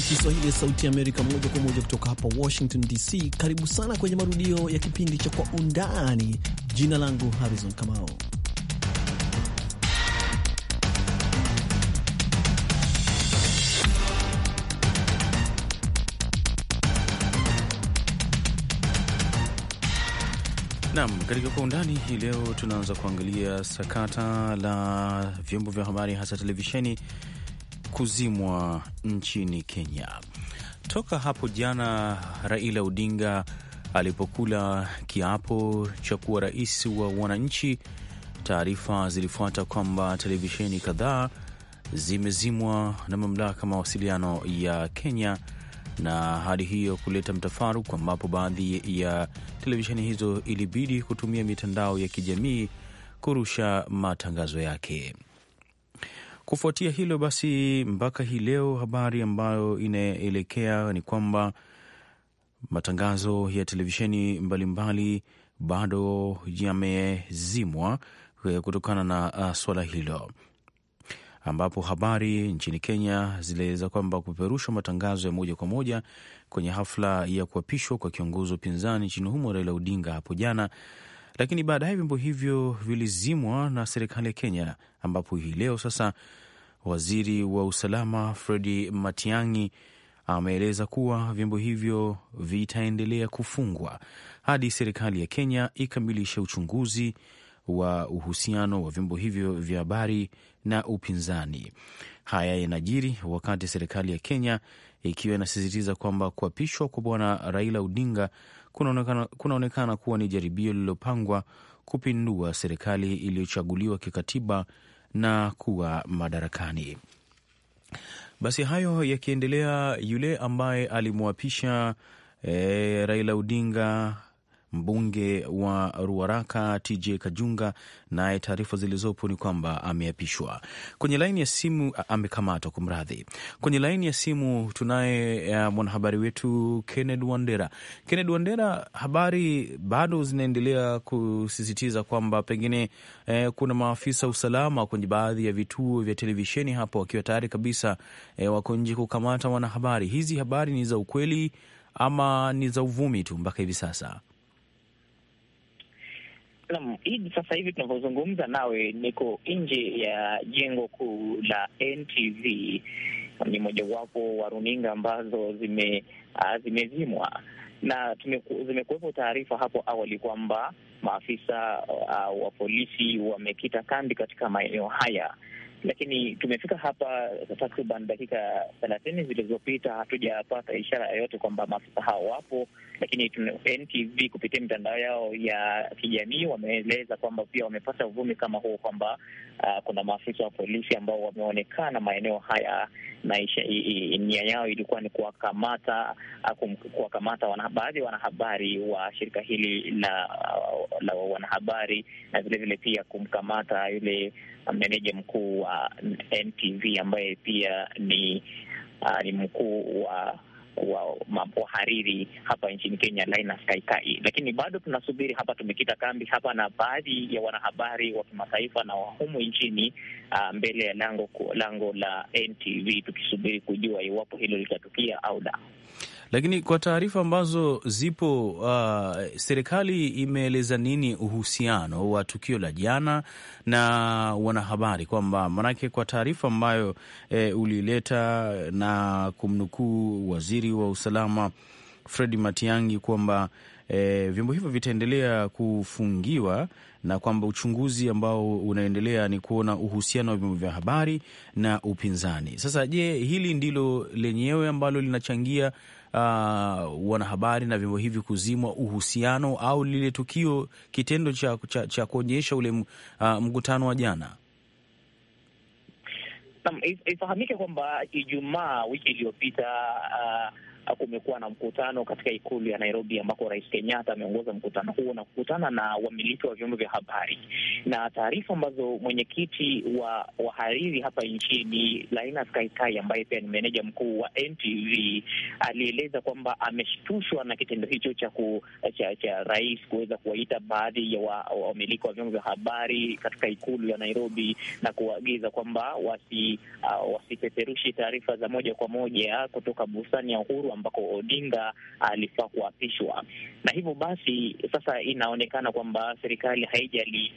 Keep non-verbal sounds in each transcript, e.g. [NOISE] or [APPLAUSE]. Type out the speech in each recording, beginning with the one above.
ya Kiswahili ya Sauti Amerika moja kwa moja kutoka hapa Washington DC. Karibu sana kwenye marudio ya kipindi cha Kwa Undani. Jina langu Harrison Kamao. Nam, katika kwa undani hii leo tunaanza kuangalia sakata la vyombo vya habari hasa televisheni kuzimwa nchini Kenya. Toka hapo jana, Raila Odinga alipokula kiapo cha kuwa rais wa wananchi, taarifa zilifuata kwamba televisheni kadhaa zimezimwa na mamlaka mawasiliano ya Kenya, na hali hiyo kuleta mtafaruku, ambapo baadhi ya televisheni hizo ilibidi kutumia mitandao ya kijamii kurusha matangazo yake. Kufuatia hilo basi, mpaka hii leo habari ambayo inaelekea ni kwamba matangazo ya televisheni mbalimbali bado yamezimwa eh, kutokana na ah, suala hilo, ambapo habari nchini Kenya zilieleza kwamba kupeperushwa matangazo ya moja kwa moja kwenye hafla ya kuapishwa kwa kiongozi wa upinzani nchini humo Raila Odinga hapo jana, lakini baadaye vyombo hivyo vilizimwa na serikali ya Kenya, ambapo hii leo sasa Waziri wa usalama Fredi Matiang'i ameeleza kuwa vyombo hivyo vitaendelea kufungwa hadi serikali ya Kenya ikamilishe uchunguzi wa uhusiano wa vyombo hivyo vya habari na upinzani. Haya yanajiri wakati serikali ya Kenya ikiwa inasisitiza kwamba kuapishwa kwa Bwana Raila Odinga kunaonekana kunaonekana kuwa ni jaribio lililopangwa kupindua serikali iliyochaguliwa kikatiba na kuwa madarakani. Basi hayo yakiendelea, yule ambaye alimwapisha e, Raila Odinga mbunge wa Ruaraka TJ Kajunga, naye taarifa zilizopo ni kwamba ameapishwa kwenye laini ya simu, amekamatwa kumradhi. Kwenye laini ya simu tunaye mwanahabari wetu kenned Wandera. Kenneth Wandera, habari bado zinaendelea kusisitiza kwamba pengine eh, kuna maafisa usalama kwenye baadhi ya vituo vya televisheni hapo wakiwa tayari kabisa eh, wako nje kukamata wanahabari. Hizi habari ni za ukweli ama ni za uvumi tu mpaka hivi sasa? Naam, Idi, sasa hivi tunavyozungumza nawe niko nje ya jengo kuu la NTV, ni mojawapo wa runinga ambazo zime ah, zimezimwa na zimekuwepo taarifa hapo awali kwamba maafisa uh, wa polisi wamekita kambi katika maeneo haya lakini tumefika hapa takriban dakika thelathini zilizopita, hatujapata ishara yoyote kwamba maafisa hao wapo, lakini NTV kupitia mitandao yao ya kijamii wameeleza kwamba pia wamepata uvumi kama huo kwamba uh, kuna maafisa wa polisi ambao wameonekana maeneo haya na nia yao ilikuwa ni kuwakamata uh, kuwakamata baadhi ya wanahabari wa shirika hili la, uh, la wanahabari na vilevile pia kumkamata yule Uh, meneja mkuu wa NTV ambaye pia ni uh, ni mkuu wa wa hariri hapa nchini Kenya, Linus Kaikai. Lakini bado tunasubiri hapa, tumekita kambi hapa na baadhi ya wanahabari wa kimataifa na wahumu nchini uh, mbele ya lango lango la NTV tukisubiri kujua iwapo hilo litatukia au la. Lakini kwa taarifa ambazo zipo, uh, serikali imeeleza nini uhusiano wa tukio la jana na wanahabari? Kwamba manake kwa taarifa ambayo eh, ulileta na kumnukuu waziri wa usalama Fredi Matiangi kwamba e, vyombo hivyo vitaendelea kufungiwa na kwamba uchunguzi ambao unaendelea ni kuona uhusiano wa vyombo vya habari na upinzani. Sasa je, hili ndilo lenyewe ambalo linachangia uh, wanahabari na vyombo hivi kuzimwa uhusiano au lile tukio kitendo cha, cha, cha kuonyesha ule uh, mkutano wa jana? Ifahamike kwamba Ijumaa wiki iliyopita uh, kumekuwa na mkutano katika ikulu ya Nairobi ambako Rais Kenyatta ameongoza mkutano huo na kukutana na wamiliki wa vyombo vya habari, na taarifa ambazo mwenyekiti wa wahariri hapa nchini Laina Skaikai ambaye pia ni meneja mkuu wa NTV alieleza kwamba ameshtushwa na kitendo hicho cha, ku, cha, cha rais kuweza kuwaita baadhi ya wamiliki wa, wa vyombo vya habari katika ikulu ya Nairobi na kuagiza kwamba wasi uh, wasipeperushi taarifa za moja kwa moja kutoka bustani ya Uhuru ambako Odinga alifaa kuapishwa, na hivyo basi sasa inaonekana kwamba serikali haijali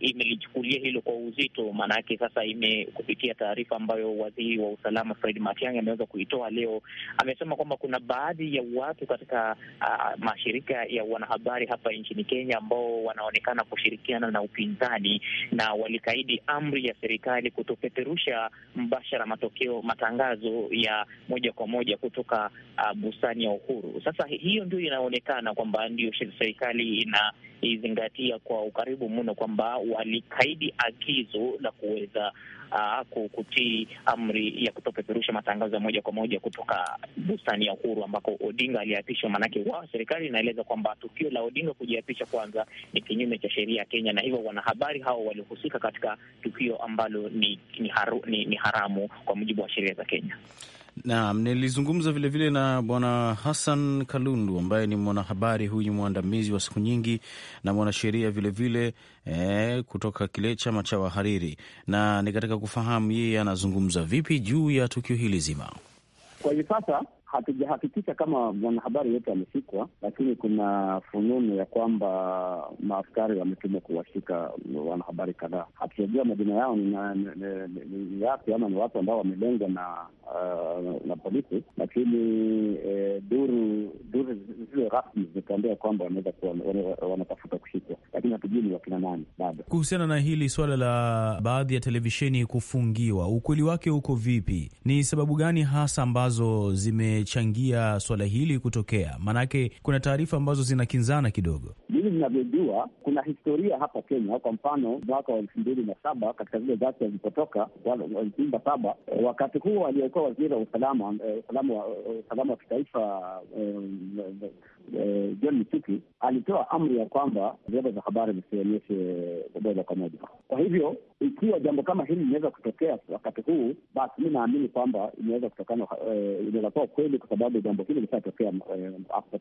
imelichukulia hilo kwa uzito, maanake sasa ime kupitia taarifa ambayo waziri wa usalama Fred Matiang'i ameweza kuitoa leo, amesema kwamba kuna baadhi ya watu katika uh, mashirika ya wanahabari hapa nchini Kenya ambao wanaonekana kushirikiana na upinzani na walikaidi amri ya serikali kutopeperusha mbashara matokeo matangazo ya moja kwa moja kutoka uh, bustani ya Uhuru. Sasa hiyo ndio inaonekana kwamba ndio serikali ina izingatia kwa ukaribu mno kwamba walikaidi agizo la kuweza uh, kutii amri ya kutopeperusha matangazo ya moja kwa moja kutoka bustani ya Uhuru ambako Odinga aliapishwa. Maanake wao serikali inaeleza kwamba tukio la Odinga kujiapisha kwanza ni kinyume cha sheria ya Kenya, na hivyo wanahabari hao walihusika katika tukio ambalo ni, ni, haru, ni, ni haramu kwa mujibu wa sheria za Kenya. Naam, nilizungumza vilevile na Bwana Hassan Kalundu ambaye ni mwanahabari huyu mwandamizi wa siku nyingi na mwanasheria vilevile e, eh, kutoka kile chama cha wahariri, na ni katika kufahamu yeye anazungumza vipi juu ya tukio hili zima. Kwa hivi sasa hatujahakikisha kama mwanahabari yote amefikwa, lakini kuna fununu ya kwamba maaskari wametumwa kuwashika wanahabari kadhaa. Hatujajua majina yao ni yapi ama ni watu ambao wamelengwa na uh, na polisi, lakini eh, duru duru zile rasmi zikatuambia kwamba wanaweza kuwa wanatafuta kushikwa, lakini hatujui ni wakina nani bado. Kuhusiana na hili suala la baadhi ya televisheni kufungiwa, ukweli wake uko vipi? Ni sababu gani hasa ambazo zime amechangia swala hili kutokea? Maanake kuna taarifa ambazo zinakinzana kidogo. Mimi ninavyojua kuna historia hapa Kenya. Kwa mfano mwaka wa elfu mbili na saba katika zile ghasia zilipotoka elfu mbili na saba wakati huo aliyekuwa waziri wa usalama eh, eh, usalama wa kitaifa eh, eh, John Msitu alitoa amri ya kwamba vyombo vya habari visionyeshe moja kwa moja. Kwa hivyo ikiwa jambo kama hili linaweza kutokea wakati huu, basi mi naamini kwamba inaweza kutokana, eh, inaweza kuwa kweli, kwa sababu jambo hili lishatokea eh,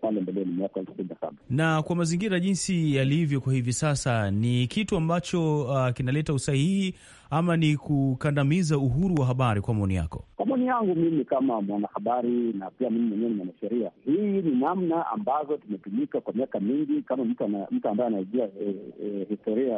pale mbeleni miaka elfu mbili na saba, na kwa mazingira jinsi yalivyo kwa hivi sasa ni kitu ambacho uh, kinaleta usahihi ama ni kukandamiza uhuru wa habari, kwa maoni yako? maoni yangu mimi kama mwanahabari na pia mimi mwenyewe ni mwanasheria, hii ni namna ambazo tumetumika kwa miaka mingi. Kama mtu ambaye anajua e, e, historia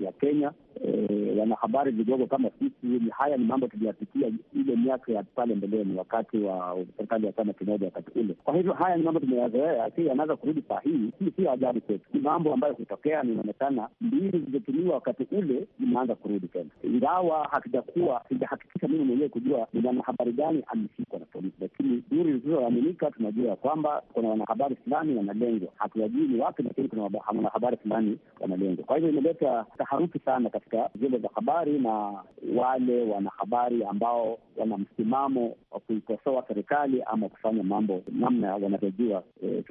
ya Kenya, eh, wanahabari vidogo kama sisi, haya ni mambo tuliyapitia ile miaka ya pale mbeleni, wakati wa serikali ya chama kimoja wakati ule. Kwa hivyo haya ni mambo tumeyazoea, si yanaweza kurudi saa hii, hii si ajabu kwetu. Ni mambo ambayo hutokea, ninaonekana mbili zilizotumiwa wakati ule imeanza kurudi tena, ingawa hakijakuwa sijahakikisha mimi mwenyewe kujua ni mwanahabari gani ameshikwa na polisi, lakini duru zilizoaminika tunajua ya kwamba kuna wanahabari fulani wanalengwa. hatuwajui ni wapi, lakini kuna wanahabari fulani wanalengwa. Kwa hivyo imeleta taharuki sana katika vyombo vya habari na wale wanahabari ambao wana msimamo wa kuikosoa serikali ama kufanya mambo namna wanavyojua e,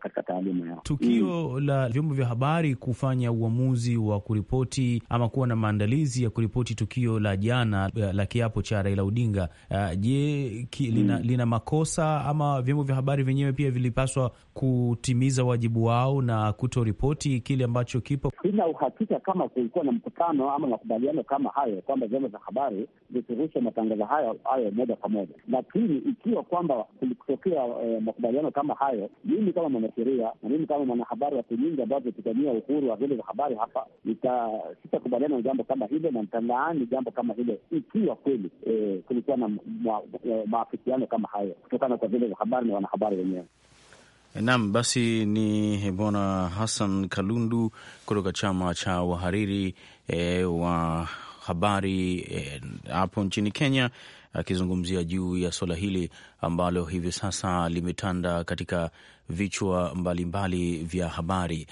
katika taaluma yao. Tukio mm, la vyombo vya habari kufanya uamuzi wa kuripoti ama kuwa na maandalizi ya kuripoti tukio la jana e, la kiapo cha Raila Odinga kuuliza uh, je, ki, hmm. lina, mm, lina makosa ama vyombo vya habari vyenyewe pia vilipaswa kutimiza wajibu wao na kutoripoti kile ambacho kipo sina uhakika kama kulikuwa na mkutano ama makubaliano kama hayo kwamba vyombo vya habari vifurushe matangazo hayo hayo moja kwa moja, lakini ikiwa kwamba kulitokea eh, makubaliano kama hayo, mimi kama mwanasheria na mimi kama mwanahabari wa nyingi ambazo tutania uhuru wa vyombo vya habari hapa, sitakubaliana na jambo kama hilo na nitalaani jambo kama hilo ikiwa kweli eh, kulikuwa na eh, maafikiano kama hayo kutokana kwa vyombo vya habari na wanahabari wenyewe. Naam, basi ni Bwana Hassan Kalundu kutoka chama cha wahariri e, wa habari eh, hapo e, nchini Kenya akizungumzia juu ya suala hili ambalo hivi sasa limetanda katika vichwa mbalimbali vya habari.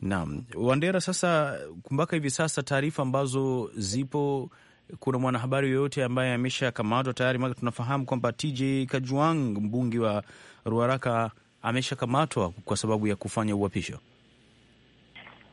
Naam, Wandera, sasa mpaka hivi sasa taarifa ambazo zipo, kuna mwanahabari yoyote ambaye ameshakamatwa tayari? Maana tunafahamu kwamba TJ Kajwang, mbunge wa Ruaraka ameshakamatwa kwa sababu ya kufanya uhapisho?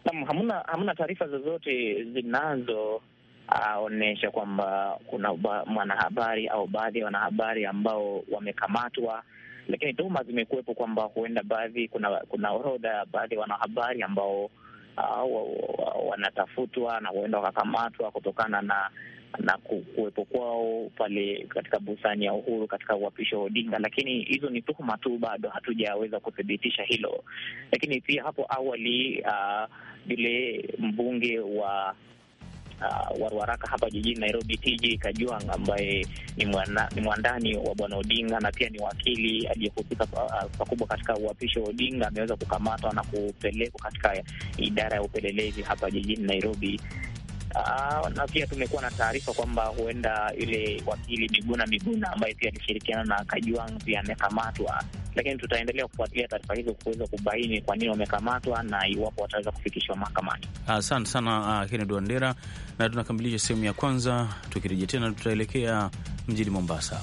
Naam, hamna hamna taarifa zozote zinazoonyesha uh, kwamba kuna mwanahabari au baadhi ya wanahabari ambao wamekamatwa, lakini tuhuma zimekuwepo kwamba huenda baadhi, kuna kuna orodha ya baadhi ya wanahabari ambao ah, wanatafutwa na huenda wakakamatwa kutokana na na kuwepo kwao pale katika bustani ya Uhuru katika uhapisho wa Odinga, lakini hizo ni tuhuma tu, bado hatujaweza kuthibitisha hilo. Lakini pia hapo awali vile ah, uh, mbunge wa Uh, ah, waruaraka hapa jijini Nairobi, TJ Kajwang ambaye ni, mwana, ni mwandani wa bwana Odinga na pia ni wakili aliyehusika ah, pakubwa katika uhapisho wa Odinga ameweza kukamatwa na kupelekwa katika idara ya upelelezi hapa jijini Nairobi, Ah, na pia tumekuwa na taarifa kwamba huenda yule wakili Miguna Miguna ambaye pia alishirikiana na Kajwang' amekamatwa, lakini tutaendelea kufuatilia taarifa hizo kuweza kubaini kwa nini wamekamatwa na iwapo wataweza kufikishwa mahakamani. Asante sana, kenned ah, Kennedy Wandera, na tunakamilisha sehemu ya kwanza. Tukirejea tena, tutaelekea mjini Mombasa.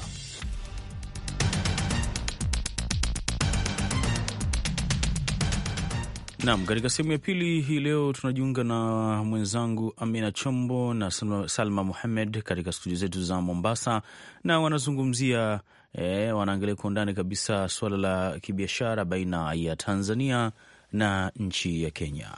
Naam, katika sehemu ya pili hii leo tunajiunga na mwenzangu Amina Chombo na Salma Muhamed katika studio zetu za Mombasa, na wanazungumzia eh, wanaangalia kwa undani kabisa suala la kibiashara baina ya Tanzania na nchi ya Kenya.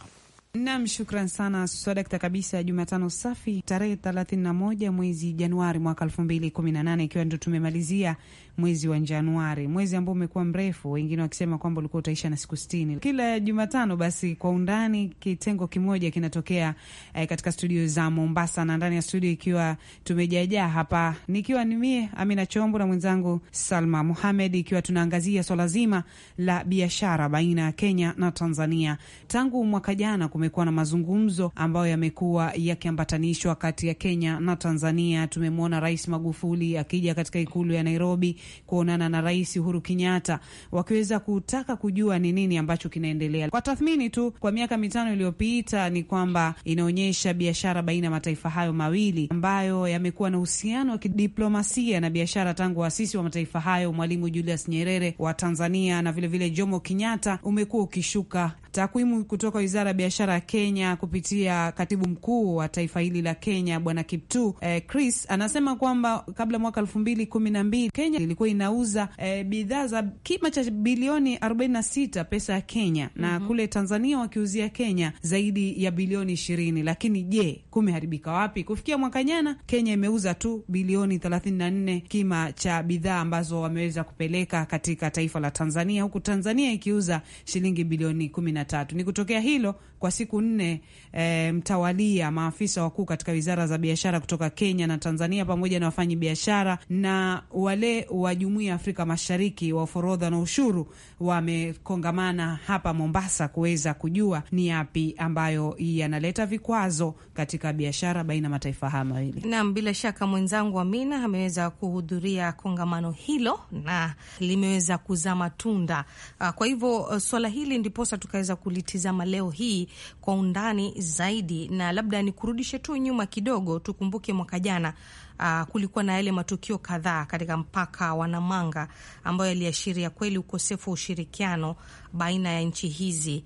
Nam, shukran sana swadakta kabisa ya Jumatano safi tarehe 31 mwezi Januari mwaka 2018 ikiwa ndio tumemalizia mwezi wa Januari, mwezi ambao umekuwa mrefu, wengine wakisema kwamba ulikuwa utaisha na siku 60. Kila Jumatano basi kwa undani kitengo kimoja kinatokea eh, katika studio za Mombasa na ndani ya studio ikiwa tumejajaa hapa, nikiwa ni mie Amina Chombo na mwenzangu Salma Muhamed, ikiwa tunaangazia swala zima la biashara baina ya Kenya na Tanzania tangu mwaka jana kumekuwa na mazungumzo ambayo yamekuwa yakiambatanishwa kati ya Kenya na Tanzania. Tumemwona Rais Magufuli akija katika ikulu ya Nairobi kuonana na Rais Uhuru Kenyatta, wakiweza kutaka kujua ni nini ambacho kinaendelea. Kwa tathmini tu, kwa miaka mitano iliyopita, ni kwamba inaonyesha biashara baina ya mataifa hayo mawili ambayo yamekuwa na uhusiano wa kidiplomasia na biashara tangu waasisi wa mataifa hayo, Mwalimu Julius Nyerere wa Tanzania na vilevile vile Jomo Kenyatta, umekuwa ukishuka Takwimu kutoka wizara ya biashara ya Kenya kupitia katibu mkuu wa taifa hili la Kenya bwana Kiptu eh, Chris anasema kwamba kabla mwaka elfu mbili kumi na mbili Kenya ilikuwa inauza eh, bidhaa za kima cha bilioni arobaini na sita pesa ya Kenya na mm -hmm. kule Tanzania wakiuzia Kenya zaidi ya bilioni ishirini lakini je, kumeharibika wapi? Kufikia mwaka jana Kenya imeuza tu bilioni thelathini na nne kima cha bidhaa ambazo wameweza kupeleka katika taifa la Tanzania, huku Tanzania ikiuza shilingi bilioni kumi na 2023. Ni kutokea hilo kwa siku nne e, mtawalia maafisa wakuu katika wizara za biashara kutoka Kenya na Tanzania pamoja na wafanyi biashara na wale wa Jumuiya ya Afrika Mashariki wa forodha na ushuru wamekongamana hapa Mombasa kuweza kujua ni yapi ambayo yanaleta vikwazo katika biashara baina ya mataifa haya mawili. Naam, bila shaka mwenzangu Amina ameweza kuhudhuria kongamano hilo na limeweza kuzaa matunda. Ah, kwa hivyo eh, swala hili ndiposa tukaweza kulitizama leo hii kwa undani zaidi, na labda nikurudishe tu nyuma kidogo, tukumbuke mwaka jana Uh, kulikuwa na yale matukio kadhaa katika mpaka wa Namanga ambayo yaliashiria kweli ukosefu wa ushirikiano baina ya nchi hizi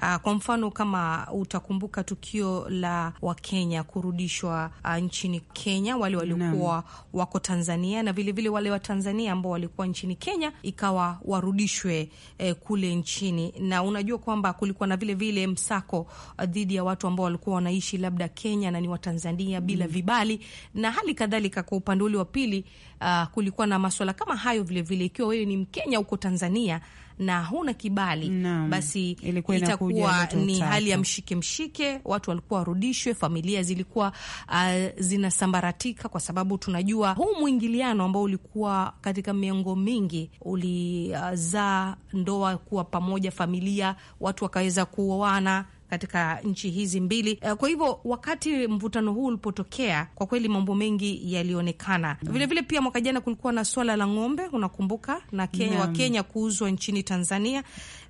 Uh, kwa mfano kama utakumbuka tukio la Wakenya kurudishwa uh, nchini Kenya, wale no. wako Tanzania na vilevile vile wale wa Tanzania ambao walikuwa nchini Kenya ikawa warudishwe eh, kule nchini. Na unajua kwamba kulikuwa na vile vile msako ah, dhidi ya watu ambao walikuwa wanaishi labda Kenya na ni Watanzania bila mm, vibali na hali kadhalika. Kwa upande ule wa pili, uh, kulikuwa na maswala kama hayo vilevile, ikiwa wewe ni Mkenya huko Tanzania na huna kibali no. basi ilikuwa itakuwa ni hali ya mshike mshike, watu walikuwa warudishwe, familia zilikuwa uh, zinasambaratika, kwa sababu tunajua huu mwingiliano ambao ulikuwa katika miongo mingi ulizaa uh, ndoa kuwa pamoja, familia watu wakaweza kuoana katika nchi hizi mbili. Eh, kwa hivyo wakati mvutano huu ulipotokea, kwa kweli mambo mengi yalionekana vilevile. Vile pia mwaka jana kulikuwa na swala la ng'ombe, unakumbuka, na Kenya, wa Kenya kuuzwa nchini Tanzania,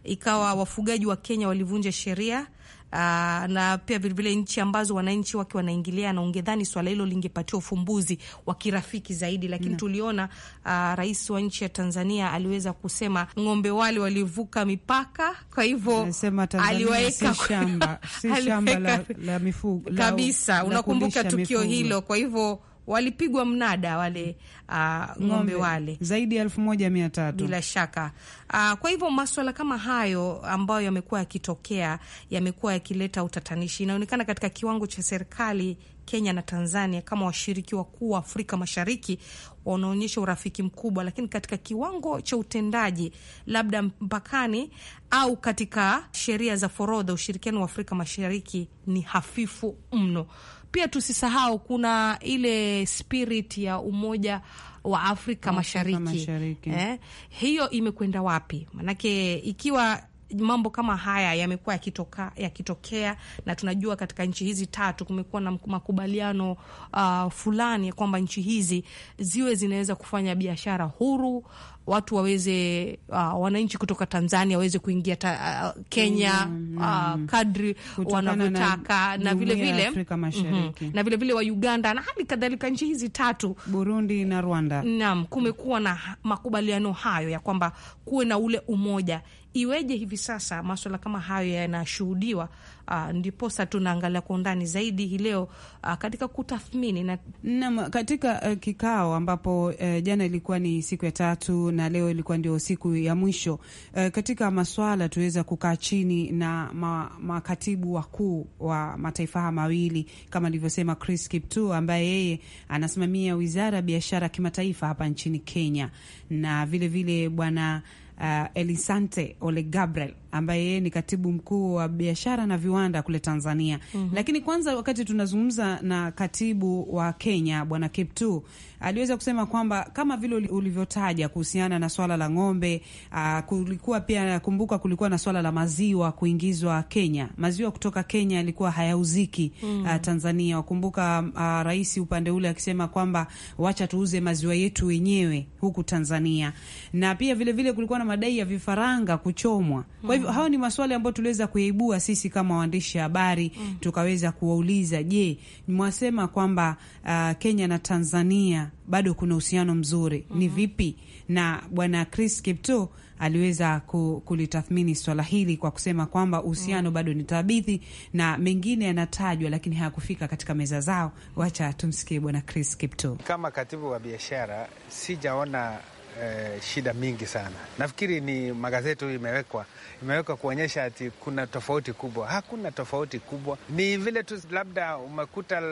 ikawa wafugaji wa Kenya walivunja sheria uh, na pia vilevile nchi ambazo wananchi wake na ungedhani swala hilo lingepatiwa ufumbuzi wa kirafiki zaidi, lakini no. Mm. Tuliona uh, rais wa nchi ya Tanzania aliweza kusema ng'ombe wale walivuka mipaka, kwa hivyo aliwaweka si shamba, si [LAUGHS] shamba la, la mifugo kabisa. Unakumbuka tukio mifugo hilo, kwa hivyo walipigwa mnada wale uh, ng'ombe, ng'ombe wale zaidi ya elfu moja mia tatu bila shaka uh, kwa hivyo maswala kama hayo ambayo yamekuwa yakitokea yamekuwa yakileta utatanishi. Inaonekana katika kiwango cha serikali Kenya na Tanzania kama washiriki wakuu wa Afrika Mashariki wanaonyesha urafiki mkubwa, lakini katika kiwango cha utendaji, labda mpakani au katika sheria za forodha, ushirikiano wa Afrika Mashariki ni hafifu mno pia tusisahau kuna ile spirit ya umoja wa Afrika, Mashariki, Mashariki. Eh, hiyo imekwenda wapi? Manake ikiwa mambo kama haya yamekuwa yakitokea ya na tunajua katika nchi hizi tatu kumekuwa na makubaliano uh, fulani kwamba nchi hizi ziwe zinaweza kufanya biashara huru watu waweze uh, wananchi kutoka Tanzania waweze kuingia ta, uh, Kenya mm, mm, uh, kadri wanavyotaka na vilevile na vilevile mhm. vile, vile wa Uganda na hali kadhalika nchi hizi tatu Burundi na Rwanda. Naam, kumekuwa na makubaliano hayo ya kwamba kuwe na ule umoja. Iweje hivi sasa maswala kama hayo yanashuhudiwa? Uh, ndiposa tunaangalia kwa undani zaidi hii leo uh, katika kutathmini na... katika uh, kikao ambapo uh, jana ilikuwa ni siku ya tatu na leo ilikuwa ndio siku ya mwisho e, katika maswala tuweza kukaa chini na ma, makatibu wakuu wa mataifa haya mawili kama alivyosema Chris Kiptoo ambaye yeye anasimamia wizara ya biashara ya kimataifa hapa nchini Kenya na vilevile bwana vile uh, Elisante Ole Gabriel ambaye yeye ni katibu mkuu wa biashara na viwanda kule Tanzania. mm -hmm. Lakini kwanza wakati tunazungumza na katibu wa Kenya Bwana Kiptu aliweza kusema kwamba kama vile ulivyotaja kuhusiana na swala la ng'ombe, uh, kulikuwa pia nakumbuka kulikuwa na swala la maziwa kuingizwa Kenya. Maziwa kutoka Kenya yalikuwa hayauziki mm -hmm. uh, mhm. Tanzania. Wakumbuka uh, rais upande ule akisema kwamba wacha tuuze maziwa yetu wenyewe huku Tanzania. Na pia vilevile vile kulikuwa na madai ya vifaranga kuchomwa. Kwa hivyo mm. hayo ni maswali ambayo tuliweza kuyaibua sisi kama waandishi habari, mm. tukaweza kuwauliza, je, mwasema kwamba uh, Kenya na Tanzania bado kuna uhusiano mzuri, mm -hmm. ni mm-hmm. vipi? Na bwana Chris Kipto aliweza kulitathmini swala hili kwa kusema kwamba uhusiano mm, bado ni thabiti na mengine yanatajwa, lakini hayakufika katika meza zao. Wacha tumsikie bwana Chris Kipto. Kama katibu wa biashara, sijaona eh, shida mingi sana. Nafikiri ni magazeti huyu imewekwa imewekwa kuonyesha ati kuna tofauti kubwa. Hakuna tofauti kubwa, ni vile tu labda umekuta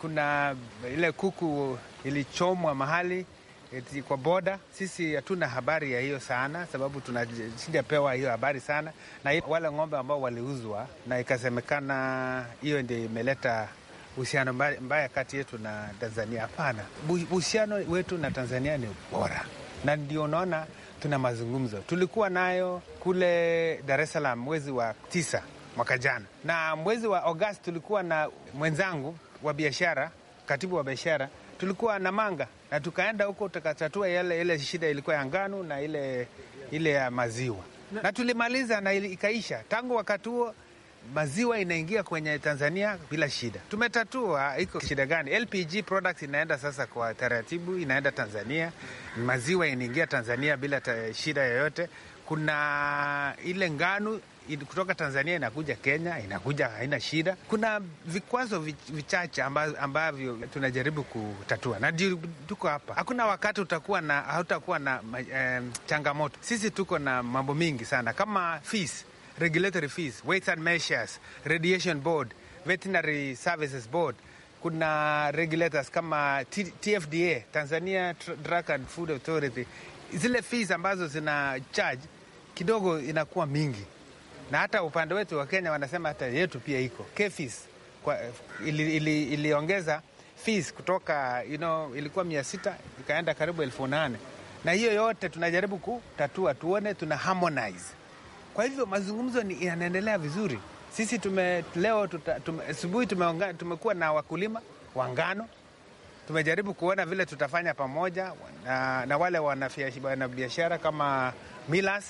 kuna ile kuku ilichomwa mahali eti kwa boda. Sisi hatuna habari ya hiyo sana, sababu tunasijapewa hiyo habari sana, na wale ng'ombe ambao waliuzwa na ikasemekana hiyo ndio imeleta uhusiano mbaya kati yetu na Tanzania. Hapana, uhusiano wetu na Tanzania ni bora na ndio unaona tuna mazungumzo. Tulikuwa nayo kule Dar es Salaam mwezi wa tisa mwaka jana, na mwezi wa Agosti tulikuwa na mwenzangu wa biashara, katibu wa biashara, tulikuwa na manga na tukaenda huko tukatatua yale ile shida ilikuwa ya ngano na ile ile ya maziwa na tulimaliza na ikaisha. Tangu wakati huo maziwa inaingia kwenye Tanzania bila shida. Tumetatua iko shida gani? LPG products inaenda sasa kwa taratibu, inaenda Tanzania, maziwa inaingia Tanzania bila ta shida yoyote. Kuna ile ngano kutoka Tanzania inakuja Kenya, inakuja haina shida. Kuna vikwazo vichache ambavyo tunajaribu kutatua, na ndio tuko hapa. Hakuna wakati utakuwa na hautakuwa na eh, changamoto. Sisi tuko na mambo mingi sana kama fees regulatory fees, weights and measures, radiation board, veterinary services board. Kuna regulators kama TFDA, Tanzania Drug and Food Authority. Zile fees ambazo zina charge kidogo inakuwa mingi, na hata upande wetu wa Kenya wanasema hata yetu pia iko KFIS iliongeza ili, ili fees kutoka you know, ilikuwa mia sita ikaenda karibu elfu nane na hiyo yote tunajaribu kutatua, tuone tuna harmonize kwa hivyo mazungumzo yanaendelea vizuri. Sisi tume, leo asubuhi tume, tumekuwa na wakulima wa ngano, tumejaribu kuona vile tutafanya pamoja na, na wale wanabiashara kama Milas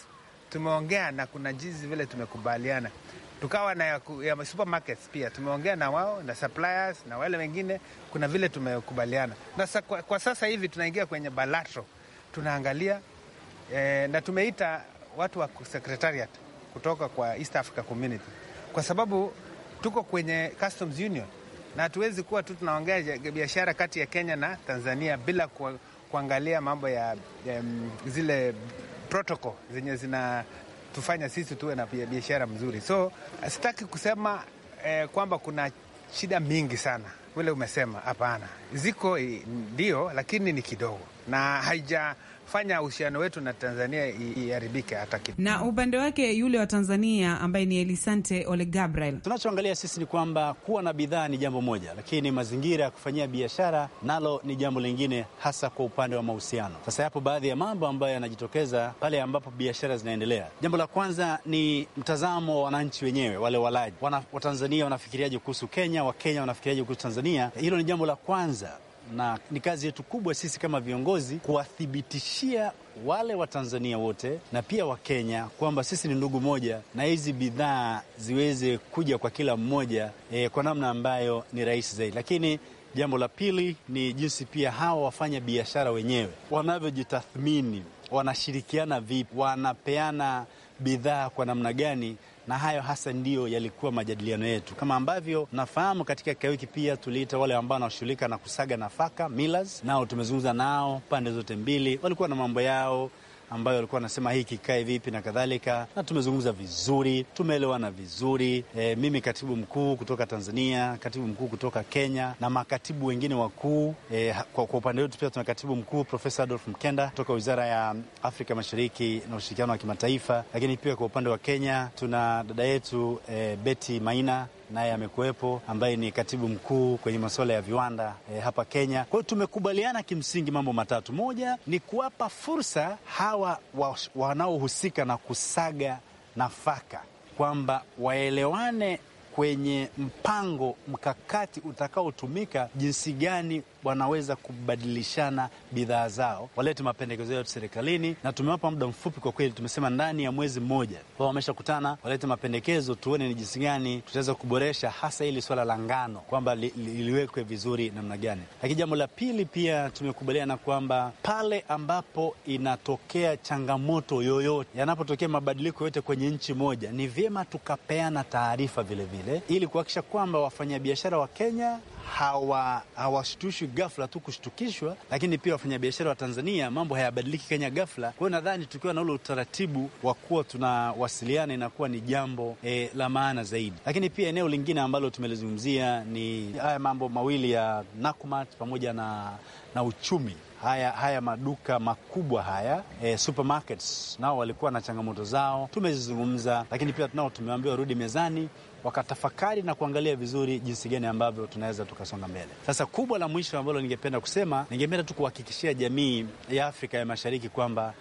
tumeongea na kuna jinsi vile tumekubaliana, tukawa na ya, supermarkets pia tumeongea na wao na suppliers na wale wengine, kuna vile tumekubaliana na sa, kwa, kwa sasa hivi tunaingia kwenye balatro tunaangalia eh, na tumeita watu wa secretariat kutoka kwa East Africa Community, kwa sababu tuko kwenye Customs Union na hatuwezi kuwa tu tunaongea biashara kati ya Kenya na Tanzania bila ku, kuangalia mambo ya, ya mm, zile protocol zenye zinatufanya sisi tuwe na biashara mzuri. So sitaki kusema eh, kwamba kuna shida mingi sana, vile umesema hapana, ziko eh, ndio, lakini ni kidogo na haijafanya uhusiano wetu na Tanzania iharibike hata kidogo. Na upande wake yule wa Tanzania ambaye ni Elisante Ole Gabriel, tunachoangalia sisi ni kwamba kuwa na bidhaa ni jambo moja, lakini mazingira ya kufanyia biashara nalo ni jambo lingine, hasa kwa upande wa mahusiano. Sasa yapo baadhi ya mambo ambayo yanajitokeza pale ambapo biashara zinaendelea. Jambo la kwanza ni mtazamo wa wananchi wenyewe, wale walaji wana, Watanzania wanafikiriaje kuhusu Kenya, Wakenya wanafikiriaje kuhusu Tanzania. Hilo ni jambo la kwanza na ni kazi yetu kubwa sisi kama viongozi kuwathibitishia wale Watanzania wote na pia Wakenya kwamba sisi ni ndugu moja, na hizi bidhaa ziweze kuja kwa kila mmoja e, kwa namna ambayo ni rahisi zaidi. Lakini jambo la pili ni jinsi pia hawa wafanya biashara wenyewe wanavyojitathmini, wanashirikiana vipi, wanapeana bidhaa kwa namna gani na hayo hasa ndiyo yalikuwa majadiliano yetu. Kama ambavyo nafahamu, katika kikao hiki pia tuliita wale ambao wanashughulika na kusaga nafaka millers, nao tumezungumza nao, pande zote mbili walikuwa na mambo yao ambayo alikuwa anasema hii kikae vipi na kadhalika, na tumezungumza vizuri, tumeelewana vizuri e, mimi katibu mkuu kutoka Tanzania, katibu mkuu kutoka Kenya na makatibu wengine wakuu e, kwa, kwa upande wetu pia tuna katibu mkuu Profesa Adolf Mkenda kutoka Wizara ya Afrika Mashariki na ushirikiano wa kimataifa, lakini pia kwa upande wa Kenya tuna dada yetu e, Betty Maina naye amekuwepo, ambaye ni katibu mkuu kwenye masuala ya viwanda e, hapa Kenya. Kwa hiyo tumekubaliana kimsingi mambo matatu. Moja ni kuwapa fursa hawa wanaohusika na kusaga nafaka kwamba waelewane kwenye mpango mkakati utakaotumika jinsi gani wanaweza kubadilishana bidhaa zao, walete mapendekezo yote serikalini, na tumewapa muda mfupi kwa kweli. Tumesema ndani ya mwezi mmoja wao wameshakutana, walete mapendekezo, tuone ni jinsi gani tutaweza kuboresha hasa hili swala la ngano, kwamba li, li, liwekwe vizuri namna gani. Lakini jambo la pili pia tumekubaliana kwamba pale ambapo inatokea changamoto yoyote, yanapotokea mabadiliko yote kwenye nchi moja, ni vyema tukapeana taarifa vilevile pale ili kuhakikisha kwamba wafanyabiashara wa Kenya hawashtushwi hawa ghafla tu kushtukishwa, lakini pia wafanyabiashara wa Tanzania, mambo hayabadiliki Kenya ghafla. Kwa hiyo nadhani tukiwa na ule utaratibu wa kuwa tunawasiliana inakuwa ni jambo e, la maana zaidi. Lakini pia eneo lingine ambalo tumelizungumzia ni haya mambo mawili ya Nakumat pamoja na, na uchumi haya haya maduka makubwa haya e, supermarkets nao walikuwa na changamoto zao, tumezizungumza, lakini pia tunao tumeambiwa rudi mezani wakatafakari na kuangalia vizuri jinsi gani ambavyo tunaweza tukasonga mbele. Sasa kubwa la mwisho ambalo ningependa kusema, ningependa tu kuhakikishia jamii ya Afrika ya Mashariki kwamba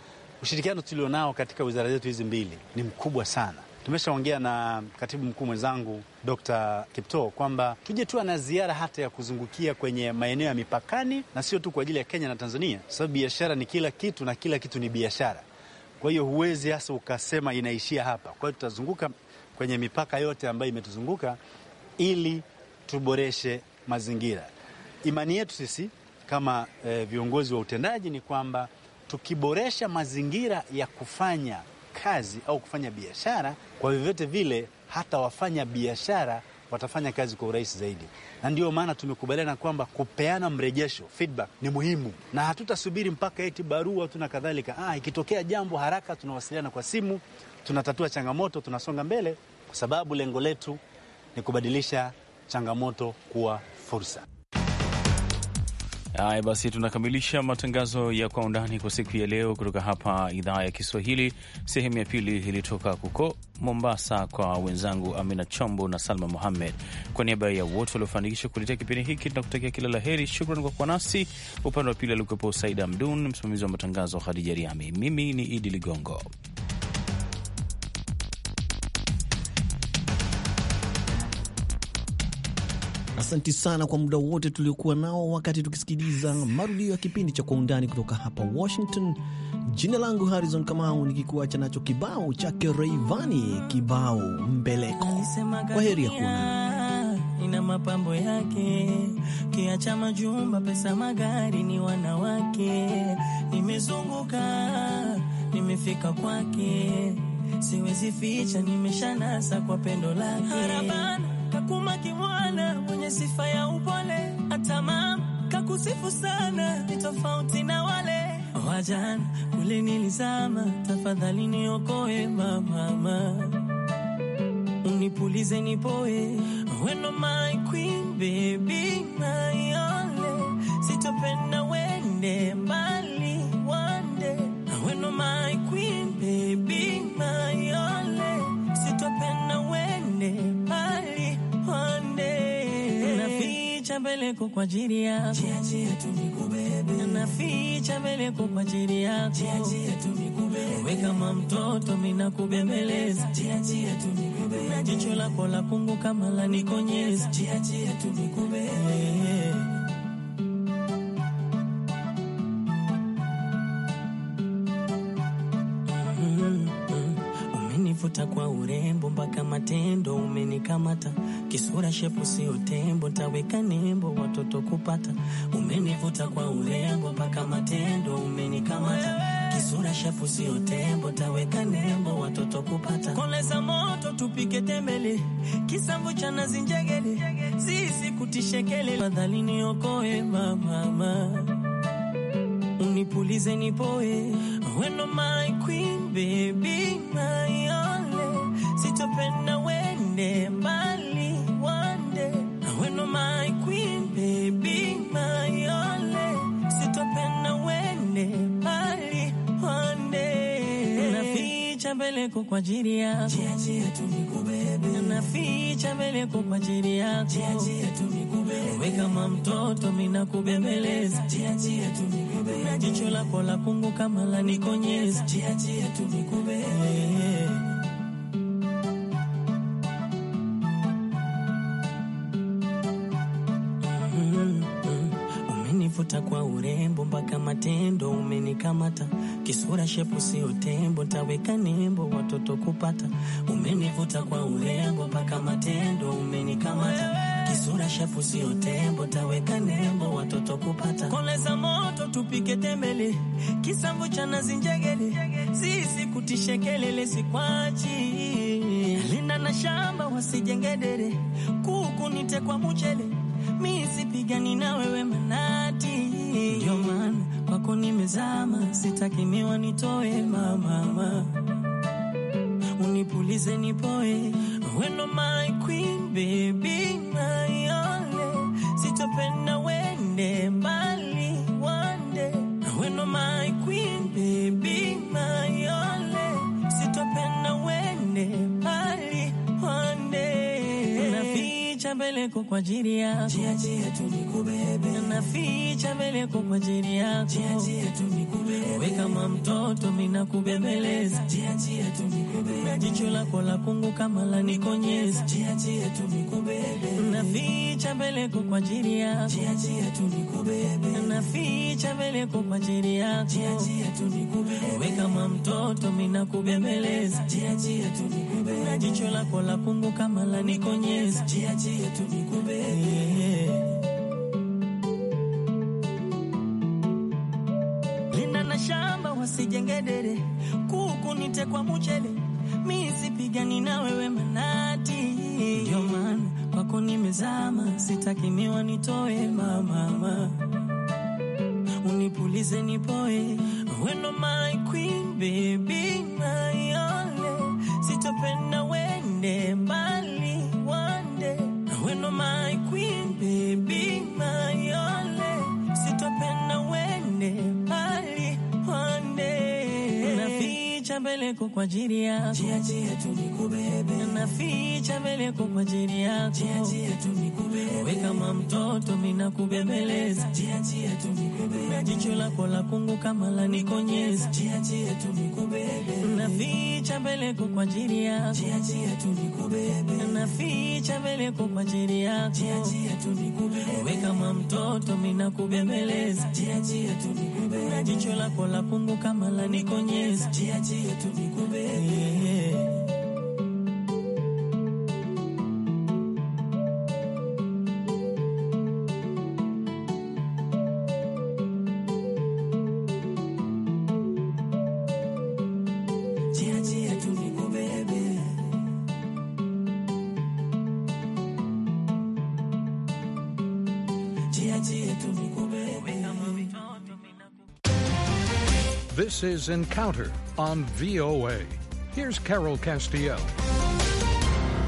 ushirikiano tulionao katika wizara zetu hizi mbili ni mkubwa sana. Tumeshaongea na katibu mkuu mwenzangu Dkt Kipto kwamba tuje tuwa na ziara hata ya kuzungukia kwenye maeneo ya mipakani, na sio tu kwa ajili ya Kenya na Tanzania, kwa sababu biashara ni kila kitu na kila kitu ni biashara. Kwa hiyo huwezi hasa ukasema inaishia hapa. Kwa hiyo tutazunguka kwenye mipaka yote ambayo imetuzunguka ili tuboreshe mazingira. Imani yetu sisi kama e, viongozi wa utendaji ni kwamba tukiboresha mazingira ya kufanya kazi au kufanya biashara, kwa vyovyote vile hata wafanya biashara watafanya kazi kwa urahisi zaidi, na ndio maana tumekubaliana kwamba kupeana mrejesho feedback ni muhimu, na hatutasubiri mpaka eti barua tu na kadhalika. Ah, ikitokea jambo haraka tunawasiliana kwa simu, tunatatua changamoto, tunasonga mbele, kwa sababu lengo letu ni kubadilisha changamoto kuwa fursa. Haya basi, tunakamilisha matangazo ya Kwa Undani kwa siku ya leo kutoka hapa idhaa ya Kiswahili. Sehemu ya pili ilitoka kuko Mombasa kwa wenzangu Amina Chombo na Salma Muhammed. Kwa niaba ya wote waliofanikisha kuletea kipindi hiki, tunakutakia kila la heri. Shukran kwa kuwa nasi. Upande wa pili alikuwepo Saida Amdun, msimamizi wa matangazo Khadija Riami. Mimi ni Idi Ligongo. Asanti sana kwa muda wote tuliokuwa nao wakati tukisikiliza marudio ya kipindi cha Kwa Undani kutoka hapa Washington. Jina langu Harrison Kamau, nikikuacha nacho kibao chake Reivani, kibao Mbeleko. Kwa heri ya kuonana. Ina mapambo yake, kiacha majumba, pesa, magari, ni wanawake. Nimezunguka, nimefika kwake, siwezi ficha, nimeshanasa kwa pendo lake sifa ya upole, atama kakusifu sana, ni tofauti na wale wajana. Kule nilizama, tafadhali niokoe mama, unipulize nipoe, weno my queen baby, my only, sitopenda wende mbali Naficha kwa ajili yako, naficha mbele kwa ajili yako, we kama mtoto mina kubembeleza, na jicho lako la kungu kama la nikonyeza umenivuta kwa urembo matendo umenikamata, kisura shepu sio tembo, taweka nembo watoto kupata, umenivuta kwa urembo mpaka matendo umenikamata Kisura shepu sio tembo, taweka nembo watoto kupata. Koleza moto tupike tembele, kisamvu cha nazi njegele, sisi kutishekele. Fadhali niokoe mama, unipulize nipoe, wendo my queen baby my utapenda wende mbali one day. I my queen baby my only. Sitapenda wende mbali one Naficha mbele kwa ajili yako. Naficha mbele kwa ajili yako. Wewe kama mtoto mimi nakubembeleza. Na jicho lako la kungu kama la nikonyeza. kunikamata, kisura shepu sio tembo, taweka nembo watoto kupata. Umenivuta kwa urembo mpaka matendo, umenikamata kisura shepu sio tembo, taweka nembo watoto kupata. Koleza moto tupike tembele, kisambu cha nazi njegele, sisi kutishe kelele, sikwachi linda na shamba wasijengedere, kuku nite kwa muchele, mi sipigani na wewe manati Yoma kwako nimezama, sitaki miwa nitoe, mama unipulize nipoe, wendo my queen baby, only, sitapenda wende mbali meleko kwa ajili yako, njia naficha kwa ajili yako, wewe kama mtoto mimi nakubembeleza, njia jicho lako la kungu kama la nikonyeza, naficha mbele yako kwa ajili yako, jia jia tu nikubebe, naficha mbele kwa ajili yako, jia tu nikubebe, wewe kama mtoto mimi nakubembeleza, jia tu nikubebe, na jicho lako la kungu kama la nikonyeza, jia tu nikubebe, linda na shamba wasijenge dere, kuku kwa mchele, mimi sipigani na wewe manati, ndio maana kwako nimezama, sitaki niwa nitoe mama, unipulize nipoe, wendo my queen baby, nayole sitopenda wende mbali naficha kwa ajili yako, naficha mbele kwa ajili yako, we kama mtoto mina kubembeleza, na jicho lako la kungu kama la nikonyeza, naficha mbele kwa ajili yako, naficha mbele kwa ajili yako, we kama mtoto mina kubembeleza, na jicho lako la kungu kama la nikonyeza yetu ni kumbeni This is Encounter on VOA. Here's Carol Castillo.